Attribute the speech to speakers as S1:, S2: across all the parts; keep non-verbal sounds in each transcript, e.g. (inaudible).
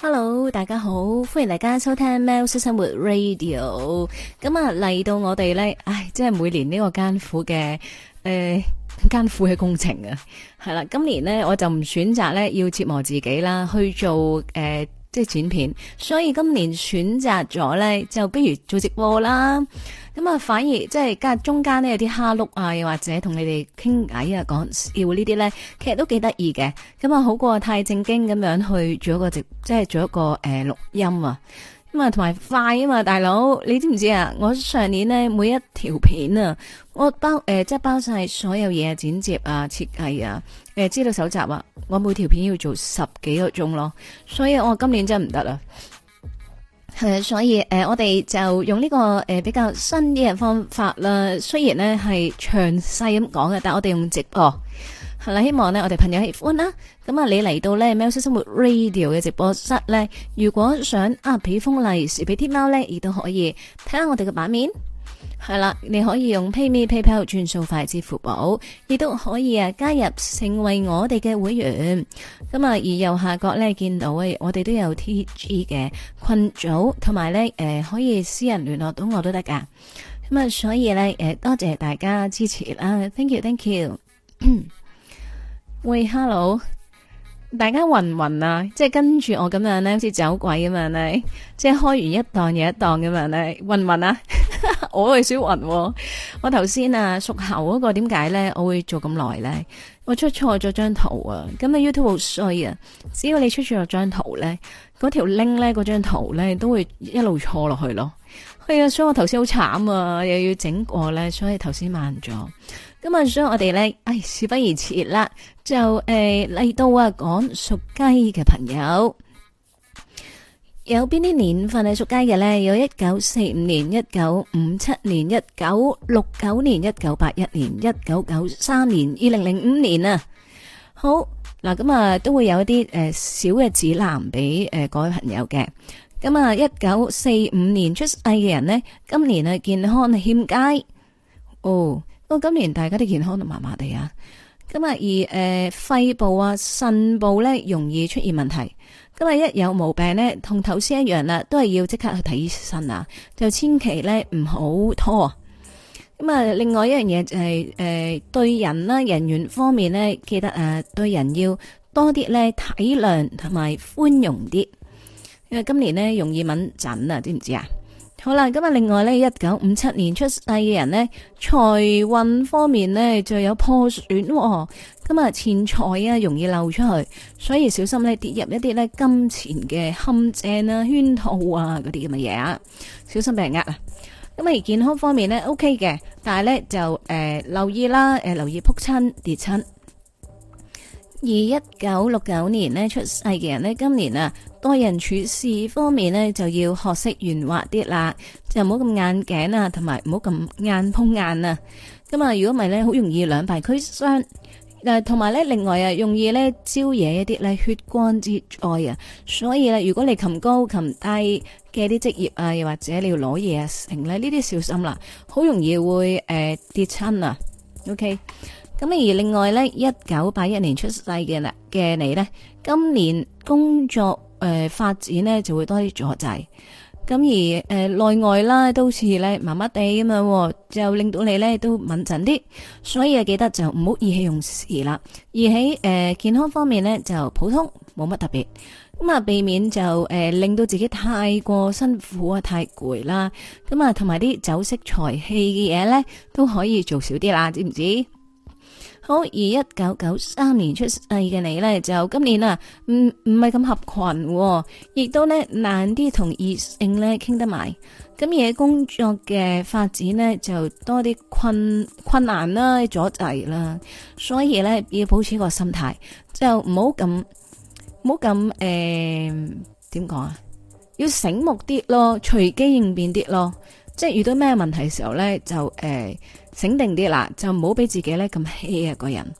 S1: Hello，大家好，歡迎大家收聽《喵式生活 Radio》。咁啊，嚟到我哋呢，唉，即係每年呢個艱苦嘅誒。艱苦嘅工程啊，係啦， (noise) 今年呢，我就唔選擇呢，要折磨自己啦，去做誒即係剪片，所以今年選擇咗呢，就不如做直播啦，咁啊反而即係間中間呢，有啲蝦碌啊，又或者同你哋傾偈啊，講笑呢啲呢，其實都幾得意嘅，咁啊好過太正經咁樣去做一個直，即、就、係、是、做一個誒錄、呃、音啊。同埋快啊嘛，大佬，你知唔知啊？我上年呢，每一條片啊，我包誒、呃，即係包晒所有嘢剪接啊、設計啊、誒資料搜集啊，我每條片要做十幾個鐘咯，所以我、哦、今年真係唔得啦。係啊、呃，所以誒、呃，我哋就用呢、這個誒、呃、比較新啲嘅方法啦。雖然呢係詳細咁講嘅，但係我哋用直播。好希望呢我哋朋友喜歡啦。咁啊，你嚟到呢 (noise) 喵式生活 Radio》嘅直播室呢，如果想啊，俾封利是俾天喵呢，亦都可以睇下我哋嘅版面。係 (noise) 啦，你可以用 PayMe、 (noise) PayPal 轉數快、支付寶，亦都可以啊加入成為我哋嘅會員。咁啊，而右下角呢，見到、啊、我哋都有 T G 嘅群組，同埋呢誒、呃、可以私人聯絡到我都得㗎。咁啊，所以呢，誒多謝大家支持啦，Thank you，Thank you。 (coughs) 喂，hello！大家云唔云啊，即係跟住我咁樣咧，好似走鬼咁樣咧，即係開完一檔又一檔咁樣咧，云唔云啊！ (laughs) 我係小云、哦，我頭先啊，屬猴嗰個點解咧，我會做咁耐咧？我出錯咗張圖啊！咁啊 YouTube 好衰啊！只要你出錯咗張圖咧，嗰條 link 咧，嗰張圖咧，都會一路錯落去咯。係、哎、啊，所以我頭先好慘啊，又要整過咧，所以頭先慢咗。咁啊，所以我呢，我哋咧，唉，事不宜遲啦，就誒嚟、呃、到啊，講屬雞嘅朋友有邊啲年份係屬雞嘅咧？有一九四五年、一九五七年、一九六九年、一九八一年、一九九三年、二零零五年啊。好嗱，咁啊，都會有一啲誒、呃、小嘅指南俾誒、呃、各位朋友嘅。咁啊，一九四五年出世嘅人呢，今年係健康欠佳哦。我、哦、今年大家啲健康都麻麻地啊，咁啊而誒、呃、肺部啊、腎部咧容易出現問題，咁啊一有毛病咧，同頭先一樣啦、啊，都係要即刻去睇醫生啊，就千祈咧唔好拖。咁、嗯、啊，另外一樣嘢就係、是、誒、呃、對人啦、啊，人員方面咧，記得誒、啊、對人要多啲咧體諒同埋寬容啲，因為今年咧容易敏感啊，知唔知啊？好啦，咁啊，另外咧，一九五七年出世嘅人呢，財運方面呢就有破損，咁啊，錢財啊容易漏出去，所以小心呢跌入一啲呢金錢嘅陷阱啊、圈套啊嗰啲咁嘅嘢啊，小心俾人呃。啊。咁啊，健康方面呢 OK 嘅，但係呢，就、呃、誒留意啦，誒、呃、留意扑親跌親。跌而一九六九年呢出世嘅人呢今年啊，待人處事方面呢，就要學識圓滑啲啦，就唔好咁硬頸啊，同埋唔好咁硬碰硬啊。咁啊，如果唔係呢，好容易兩敗俱傷。誒，同埋呢，另外啊，容易呢，招惹一啲呢血光之災啊。所以呢，如果你擒高擒低嘅啲職業啊，又或者你要攞嘢啊，停呢呢啲小心啦，好容易會誒跌親啊。OK。咁而另外咧，一九八一年出世嘅咧嘅你咧，今年工作誒發展呢就會多啲阻滯。咁而誒、呃、內外啦，都似咧麻麻地咁樣喎，就令到你咧都穩陣啲。所以啊，記得就唔好意氣用事啦。而喺誒、呃、健康方面呢，就普通冇乜特別。咁啊，避免就誒、呃、令到自己太過辛苦啊，太攰啦。咁啊，同埋啲酒色財氣嘅嘢咧，都可以做少啲啦，知唔知？好，而一九九三年出世嘅你咧，就今年啊，唔唔係咁合群，亦都咧難啲同異性咧傾得埋。咁而工作嘅發展咧，就多啲困困難啦、阻滯啦，所以咧要保持個心態，就唔好咁唔好咁誒，點講啊？要醒目啲咯，隨機應變啲咯，即係遇到咩問題嘅時候咧，就誒。醒定啲啦，就唔好俾自己咧咁氣啊個人，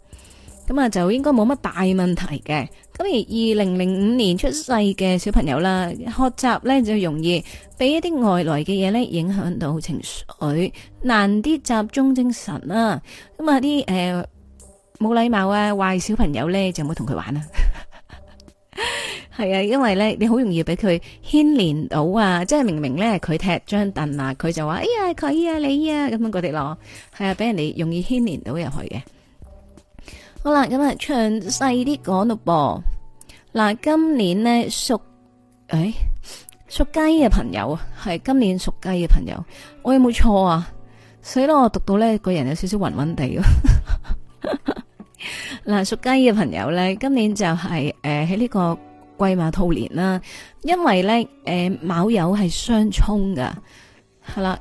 S1: 咁啊就應該冇乜大問題嘅。咁而二零零五年出世嘅小朋友啦，學習呢就容易俾一啲外來嘅嘢呢影響到情緒，難啲集中精神啦、啊。咁啊啲誒冇禮貌啊壞小朋友呢，就唔好同佢玩啦。係啊，因為咧，你好容易俾佢牽連到啊，即係明明咧佢踢張凳、哎、啊，佢就話哎呀佢啊你啊咁樣嗰啲咯，係啊俾人哋容易牽連到入去嘅。好啦，咁啊，詳細啲講到噃。嗱，今年咧屬誒屬雞嘅朋友啊，係今年屬雞嘅朋友，我有冇錯啊？死啦！我讀到咧個人有少少暈暈地咯。嗱，屬雞嘅朋友咧，今年就係誒喺呢個。癸卯兔年啦，因為咧，誒、呃，卯酉係相沖噶，係、嗯、啦，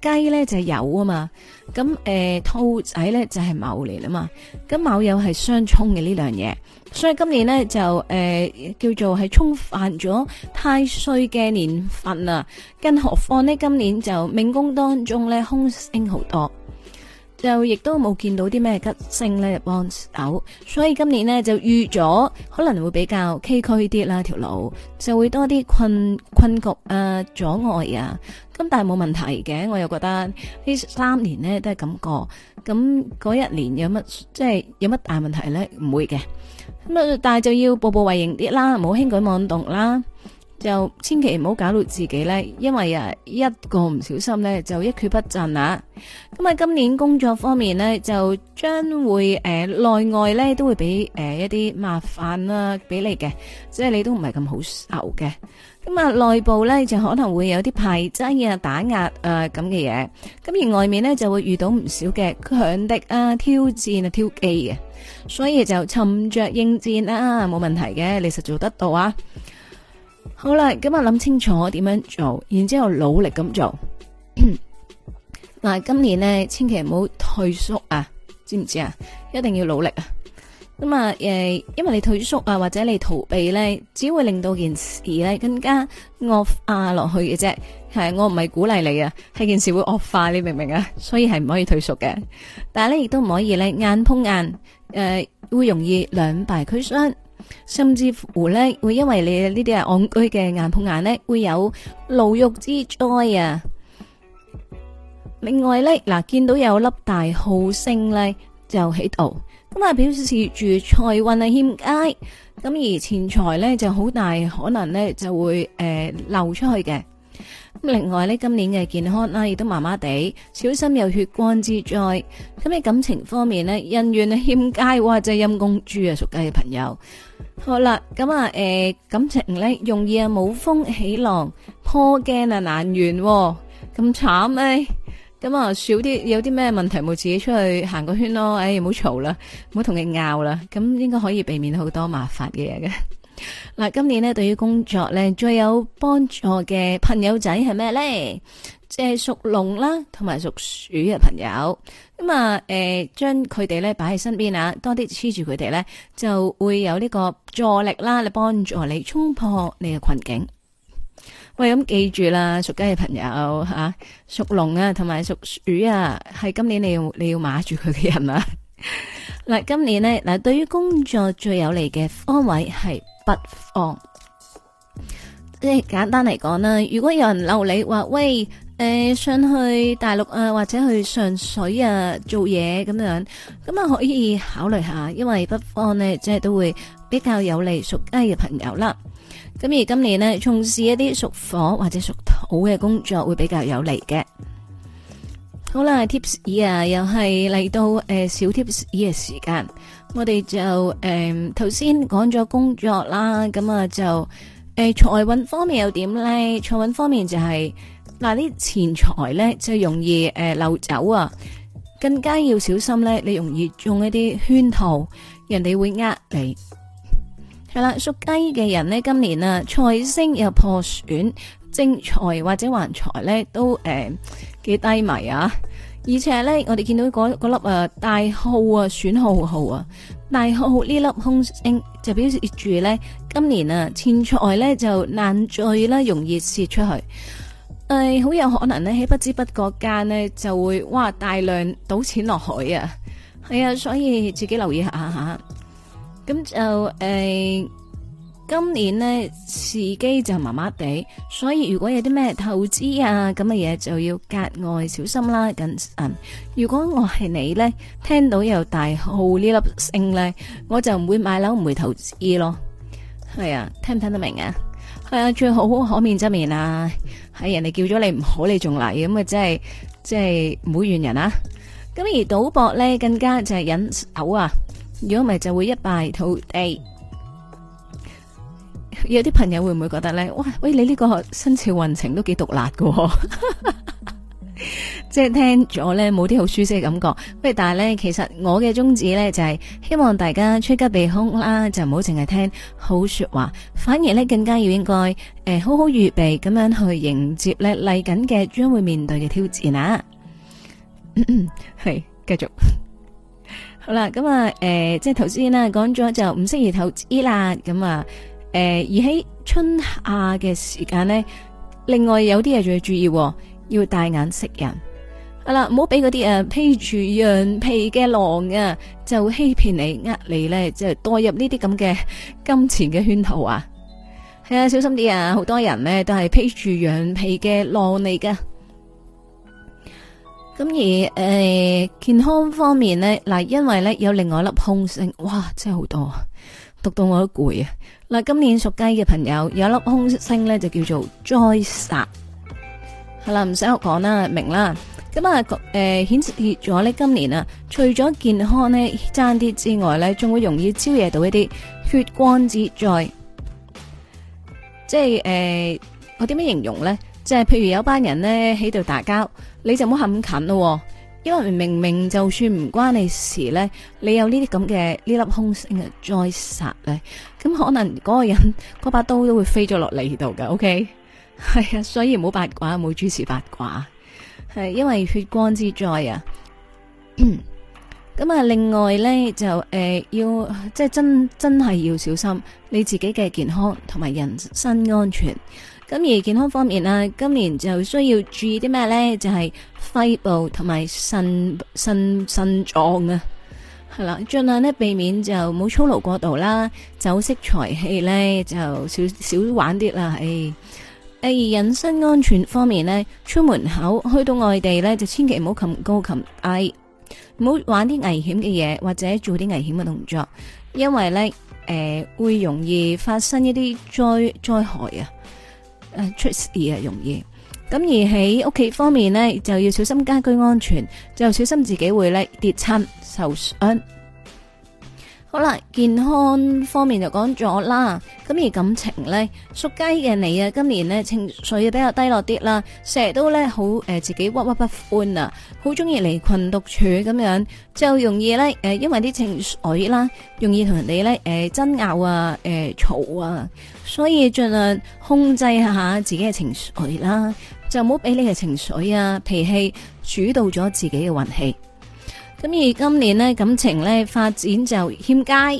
S1: 雞咧就係酉啊嘛，咁誒、呃，兔仔咧就係卯嚟啦嘛，咁卯酉係相沖嘅呢兩嘢，所以今年咧就誒、呃、叫做係沖犯咗太歲嘅年份啊，更何況呢？今年就命宮當中咧凶星好多。就亦都冇見到啲咩吉星咧幫手，所以今年咧就預咗可能會比較崎嶇啲啦條路，就會多啲困困局啊、阻礙啊。咁但係冇問題嘅，我又覺得呢三年咧都係咁過，咁嗰一年有乜即係有乜大問題咧？唔會嘅。咁啊，但係就要步步為營啲啦，唔好輕舉妄動啦。就千祈唔好搞到自己呢，因為啊一個唔小心呢，就一蹶不振啊！咁喺今年工作方面將、呃、呢，就將會誒內外呢都會俾誒、呃、一啲麻煩啦、啊，俾你嘅，即係你都唔係咁好受嘅。咁啊內部呢，就可能會有啲排擠啊、打壓啊咁嘅嘢，咁、呃、而外面呢，就會遇到唔少嘅強敵啊、挑戰啊、挑機嘅、啊，所以就沉着應戰啦、啊，冇問題嘅，你實做得到啊！好啦，咁啊諗清楚點樣做，然之後努力咁做。嗱， (coughs) 今年呢，千祈唔好退縮啊，知唔知啊？一定要努力啊！咁啊，誒，因為你退縮啊，或者你逃避呢，只會令到件事呢更加惡化落去嘅啫。係我唔係鼓勵你啊，係件事會惡化，你明唔明啊？所以係唔可以退縮嘅，但係呢，亦都唔可以呢，硬碰硬，誒、呃，會容易兩敗俱傷。甚至乎咧，會因為你呢啲係戇居嘅硬碰硬咧，會有牢獄之災啊！另外咧，嗱，見到有粒大號星咧就喺度，咁啊表示住財運係欠佳，咁而錢財咧就好大可能咧就會誒、呃、漏出去嘅。咁另外呢今年嘅健康啦，亦都麻麻地，小心有血光之災。咁喺感情方面呢姻緣啊欠佳，或者陰公豬啊，屬雞嘅朋友。好啦，咁啊，誒，感情咧容易啊，冇風起浪，破鏡啊難圓喎。咁慘呀，咁、哎、啊，少啲有啲咩問題，咪自己出去行個圈咯。誒、哎，唔好嘈啦，唔好同佢拗啦，咁應該可以避免好多麻煩嘅嘢嘅。嗱，今年呢對於工作咧最有幫助嘅朋友仔係咩咧？即係屬龍啦，同埋屬鼠嘅朋友。咁啊，誒，將佢哋咧擺喺身邊啊，多啲黐住佢哋咧，就會有呢個助力啦，嚟幫助你衝破你嘅困境。喂，咁記住啦，屬雞嘅朋友吓，屬龍啊，同埋屬鼠啊，係今年你要你要碼住佢嘅人啊！嗱，今年咧，嗱，對於工作最有利嘅方位係北方。即係簡單嚟講咧，如果有人留你話，喂，誒、呃，上去大陸啊，或者去上水啊做嘢咁樣，咁啊可以考慮一下，因為北方呢，即係都會比較有利屬雞嘅朋友啦。咁而今年呢，從事一啲屬火或者屬土嘅工作會比較有利嘅。好啦，Tips 二啊，又係嚟到誒、呃、小 Tips 二嘅時間，我哋就誒頭先講咗工作啦，咁啊就誒財運方面又點咧？財運方面就係嗱啲錢財咧，就容易誒、呃、漏走啊，更加要小心咧，你容易中一啲圈套，人哋會呃你。係啦，屬雞嘅人呢，今年啊財星又破損，正財或者橫財咧都誒。呃幾低迷啊！而且咧，我哋見到嗰粒啊大耗啊，損耗、號，號啊，大耗呢粒空星就表示住咧，今年啊，錢財咧就難聚啦，容易蝕出去。誒、呃，好有可能咧喺不知不覺間呢，就會哇大量賭錢落海啊！係啊，所以自己留意下吓。咁就誒。呃今年呢，時機就麻麻地，所以如果有啲咩投資啊咁嘅嘢，就要格外小心啦。咁、嗯，如果我係你呢，聽到有大號呢粒聲呢，我就唔會買樓，唔會投資咯。係、哎、啊，聽唔聽得明啊？係啊，最好可免則免啊！係、哎、人哋叫咗你唔好你來，你仲嚟，咁啊即係，即係唔好怨人啊！咁而賭博呢，更加就係引口啊，如果唔係，就會一敗塗地。有啲朋友會唔會覺得咧？哇，喂，你呢個生肖運程都幾獨立嘅， (laughs) 即係聽咗咧冇啲好舒適嘅感覺。喂，但係咧，其實我嘅宗旨咧就係希望大家趨吉避凶啦，就唔好淨係聽好說話，反而咧更加要應該誒好好預備咁樣去迎接咧嚟緊嘅將會面對嘅挑戰啊！係咳咳繼續 (laughs) 好啦，咁啊，誒、呃，即係頭先啦，講咗就唔適宜投資啦，咁啊。誒，而喺春夏嘅時間呢，另外有啲嘢仲要注意，要帶眼識人，係啦，唔好俾嗰啲誒披住羊皮嘅狼啊，就欺騙你、呃你呢，即係代入呢啲咁嘅金錢嘅圈套啊。係啊，小心啲啊，好多人呢都係披住羊皮嘅狼嚟噶。咁而誒、呃，健康方面呢，嗱，因為呢有另外一粒空星，哇，真係好多，讀到我都攰啊。嗱，今年屬雞嘅朋友有一粒空星咧，就叫做災煞，係、嗯、啦，唔使我講啦，明啦。咁、嗯、啊，誒、呃，顯示咗咧，今年啊，除咗健康咧，爭啲之外咧，仲會容易招惹到一啲血光之災，即係誒、呃，我點樣形容咧？即係譬如有班人咧喺度打交，你就唔好喊咁近咯、哦。因為明明就算唔關你事呢，你有呢啲咁嘅呢粒空星嘅災殺呢，咁可能嗰個人嗰把刀都會飛咗落嚟度噶，OK？係啊，所以唔好八卦，唔好諸事八卦，係因為血光之災啊。咁啊， (coughs) 另外呢，就誒、呃、要，即係真真係要小心你自己嘅健康同埋人身安全。咁而健康方面啦，今年就需要注意啲咩呢？就係、是、肺部同埋腎腎腎臟啊，係啦，盡量呢，避免就冇操勞過度啦，酒色財氣呢，就少少玩啲啦。誒、哎、誒，而人身安全方面呢，出門口去到外地呢，就千祈唔好擒高擒矮，唔好玩啲危險嘅嘢，或者做啲危險嘅動作，因為呢，誒、呃、會容易發生一啲災災害啊。誒出事誒，容易，咁而喺屋企方面呢，就要小心家居安全，就小心自己會咧跌親受傷。好啦，健康方面就講咗啦，咁而感情咧，屬雞嘅你啊，今年咧情緒比較低落啲啦，成日都咧好誒自己鬱鬱不歡啊，好中意離群獨處咁樣，就容易咧誒、呃、因為啲情緒啦，容易同人哋咧誒爭拗啊，誒、呃、嘈啊，所以盡量控制下自己嘅情緒啦，就唔好俾你嘅情緒啊脾氣主導咗自己嘅運氣。咁而今年呢感情呢發展就欠佳，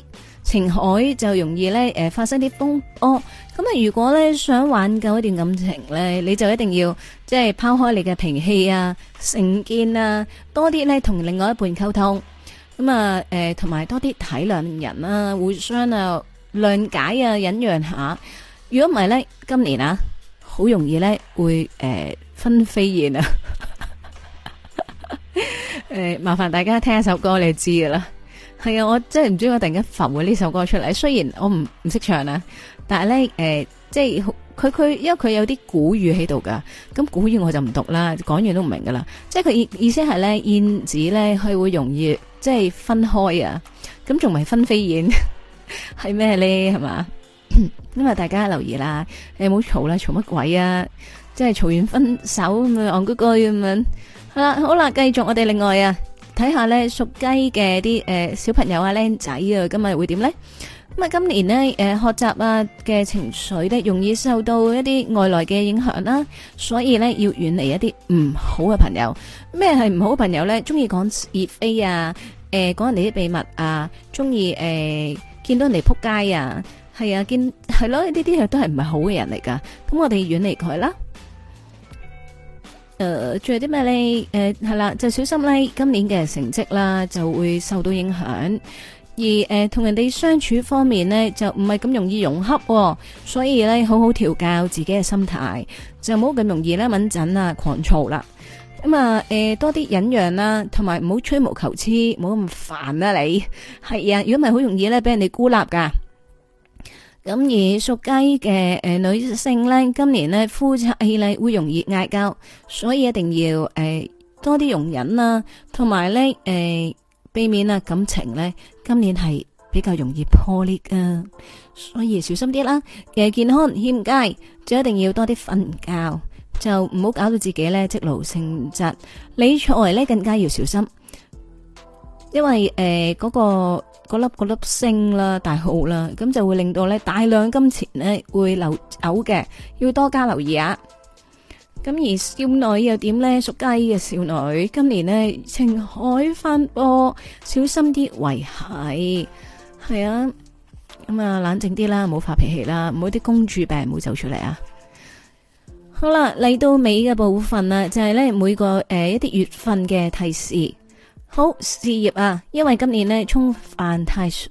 S1: 情海就容易呢誒發生啲風波。咁、哦、啊如果呢想挽救一段感情呢，你就一定要即係拋開你嘅脾氣啊、成見啊，多啲呢同另外一半溝通。咁啊誒同埋多啲體諒人啊，互相啊諒解啊忍讓下。如果唔係呢，今年啊好容易呢會誒分飛燕啊。誒、哎，麻煩大家聽一首歌，你就知噶啦。係啊，我真係唔知我突然間浮起呢首歌出嚟。雖然我唔唔識唱啦但係咧，誒、呃，即係佢佢，因為佢有啲古語喺度噶。咁古語我就唔讀啦，講完都唔明噶啦。即係佢意意思係咧，燕子咧佢會容易即係分開啊。咁仲唔係分飛燕？係咩咧？係嘛？因為 (coughs) 大家留意啦，你唔好吵啦？吵乜鬼啊？即係嘈完分手咁啊，戇居居咁樣係啦，好啦，繼續我哋另外啊，睇下咧屬雞嘅啲誒小朋友啊，僆仔啊，今日會點咧？咁啊，今年咧誒學習啊嘅情緒咧，容易受到一啲外來嘅影響啦，所以咧要遠離一啲唔好嘅朋友。咩係唔好嘅朋友咧？中意講是非啊，誒講人哋啲秘密啊，中意誒見到人哋扑街啊，係啊，見係咯，呢啲嘢都係唔係好嘅人嚟噶，咁我哋遠離佢啦。誒，仲、呃、有啲咩咧？誒、呃，係啦，就小心咧，今年嘅成績啦，就會受到影響。而誒，同、呃、人哋相處方面咧，就唔係咁容易融洽、哦，所以咧，好好調教自己嘅心態，就唔好咁容易咧，敏感啊，狂躁啦。咁、嗯、啊，誒、呃，多啲忍讓啦，同埋唔好吹毛求疵，唔好咁煩啦。你係啊，如果唔係，好容易咧，俾人哋孤立噶。咁而屬雞嘅誒女性呢，今年呢，夫妻呢會容易嗌交，所以一定要誒、呃、多啲容忍啦、啊，同埋呢，誒、呃、避免啊感情呢，今年係比較容易破裂啊，所以小心啲啦。嘅健康欠佳，就一定要多啲瞓覺，就唔好搞到自己呢積勞成疾。理財呢，更加要小心。因為誒嗰、呃、那個粒粒、那個那個、星啦，大耗啦，咁就會令到呢大量金錢呢會流走嘅，要多加留意啊！咁而少女又點呢？屬雞嘅少女今年呢，情海翻波，小心啲維繫係啊！咁、嗯、啊冷靜啲啦，唔好發脾氣啦，唔好啲公主病，唔好走出嚟啊！好啦，嚟到尾嘅部分啦，就係、是、呢每個誒、呃、一啲月份嘅提示。好事業啊，因為今年呢沖犯太歲，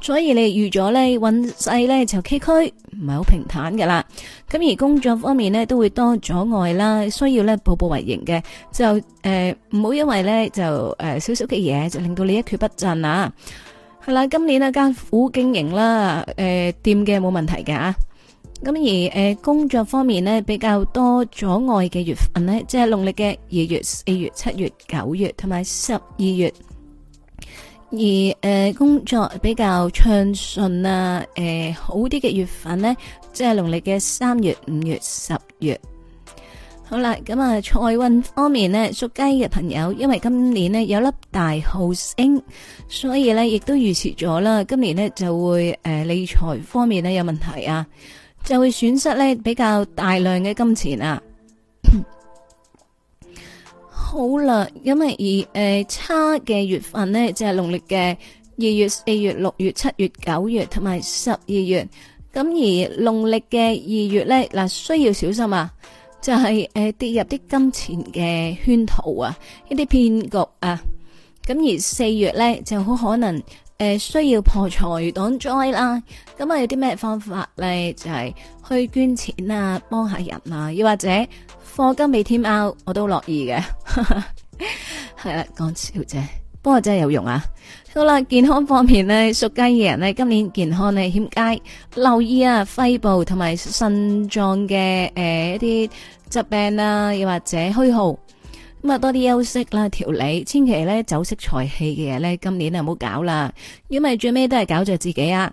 S1: 所以你預咗呢運勢呢，就崎嶇，唔係好平坦㗎啦。咁而工作方面呢，都會多阻礙啦，需要呢步步為營嘅，就誒唔好因為呢，就誒少少嘅嘢就令到你一蹶不振啊。係、嗯、啦，今年呢艱苦經營啦，誒掂嘅冇問題㗎、啊。咁而誒工作方面呢，比較多阻礙嘅月份呢，即係農曆嘅二月、四月、七月、九月同埋十二月。而誒工作比較暢順啊，誒、呃、好啲嘅月份呢，即係農曆嘅三月、五月、十月。好啦，咁啊財運方面呢，屬雞嘅朋友，因為今年呢有粒大耗星，所以呢亦都預示咗啦，今年呢就會誒理財方面呢有問題啊。就會損失咧比較大量嘅金錢啊！ (coughs) 好啦，咁啊而誒、呃、差嘅月份呢，就係、是、農曆嘅二月、四月、六月、七月、九月同埋十二月。咁而農曆嘅二月呢，嗱、呃、需要小心啊，就係、是、誒、呃、跌入啲金錢嘅圈套啊，一啲騙局啊。咁而四月呢，就好可能。誒，需要破財擋災啦，咁啊有啲咩方法咧？就係、是、去捐錢啊，幫下人啊，又或者課金未添 out，我都樂意嘅。係啦，講笑啫，不過真係有用啊！好啦，健康方面咧，屬雞嘅人咧，今年健康咧欠佳，留意啊，肺部同埋腎臟嘅、誒一啲疾病啊，又或者虛耗。咁啊，多啲休息啦，調理，千祈咧，酒色財氣嘅嘢咧，今年就唔好搞啦，要咪最尾都係搞着自己啊。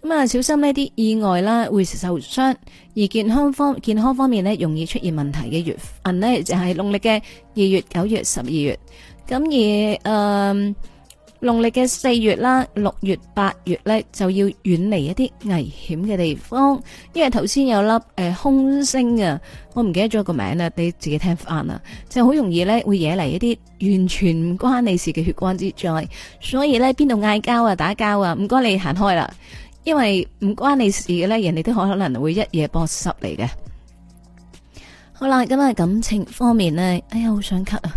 S1: 咁啊，小心呢啲意外啦，會受傷。而健康方健康方面咧，容易出現問題嘅月份呢，就係農曆嘅二月、九月、十二月。咁而誒。呃農曆嘅四月啦、六月、八月呢，就要遠離一啲危險嘅地方，因為頭先有粒誒、呃、空星啊，我唔記得咗個名啦，你自己聽翻啦，就好容易呢會惹嚟一啲完全唔關你事嘅血光之災，所以呢，邊度嗌交啊，打交啊，唔該你行開啦，因為唔關你事嘅呢，人哋都可能會一夜波濕嚟嘅。好啦，今日感情方面呢，哎呀好想咳啊！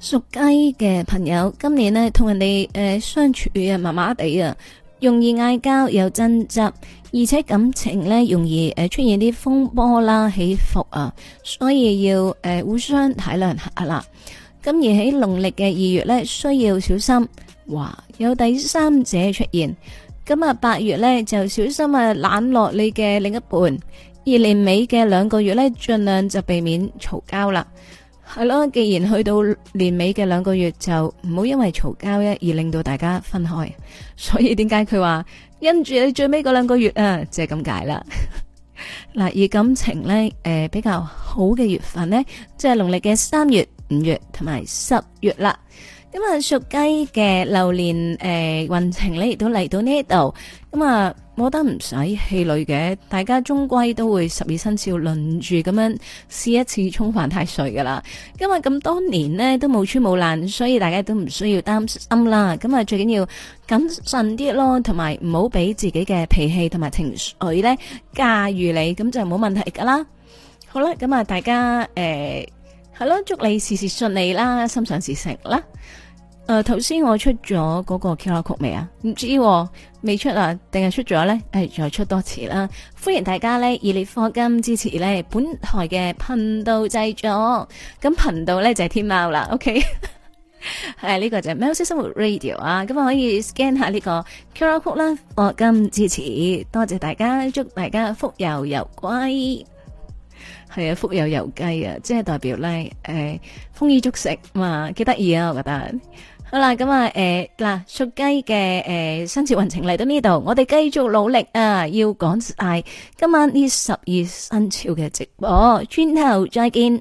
S1: 屬雞嘅朋友，今年呢，同人哋誒、呃、相處啊，麻麻地啊，容易嗌交，又爭執，而且感情呢，容易誒出現啲風波啦起伏啊，所以要誒、呃、互相體諒下啦。咁而喺農曆嘅二月呢，需要小心，話有第三者出現。咁啊八月呢，就小心啊冷落你嘅另一半，而年尾嘅兩個月呢，盡量就避免嘈交啦。係咯，既然去到年尾嘅兩個月就唔好因為嘈交，咧而令到大家分開，所以點解佢話因住你最尾嗰兩個月啊，就係咁解啦。嗱， (laughs) 而感情咧，誒比較好嘅月份呢，即係農曆嘅三月、五月同埋十月啦。咁啊，屬雞嘅流年誒運程咧，亦都嚟到呢度。咁啊。嗯我覺得唔使氣餒嘅，大家終歸都會十二生肖輪住咁樣試一次沖犯太歲噶啦。因為咁多年呢都冇穿冇爛，所以大家都唔需要擔心啦。咁啊，最緊要謹慎啲咯，同埋唔好俾自己嘅脾氣同埋情緒呢駕馭你，咁就冇問題噶啦。好啦，咁啊，大家誒係、呃、咯，祝你事事順利啦，心想事成啦。誒，頭先我出咗嗰個 o d 曲未啊？唔知未出啊，定係出咗咧？誒，再出多次啦。歡迎大家咧熱烈放金支持咧本台嘅頻道製作。咁頻道咧就係天貓啦。OK，係呢個就係喵星生活 Radio 啊。咁可以 scan 下呢個 o d 曲啦，放金支持。多謝大家，祝大家福有油龜係啊，福有油雞啊，即係代表咧誒，豐衣足食嘛，幾得意啊，我覺得。好啦，咁、嗯、啊，誒、嗯，嗱，屬雞嘅誒生肖運程嚟到呢度，我哋繼續努力啊，要講晒今晚呢十二生肖嘅直播，轉頭再見。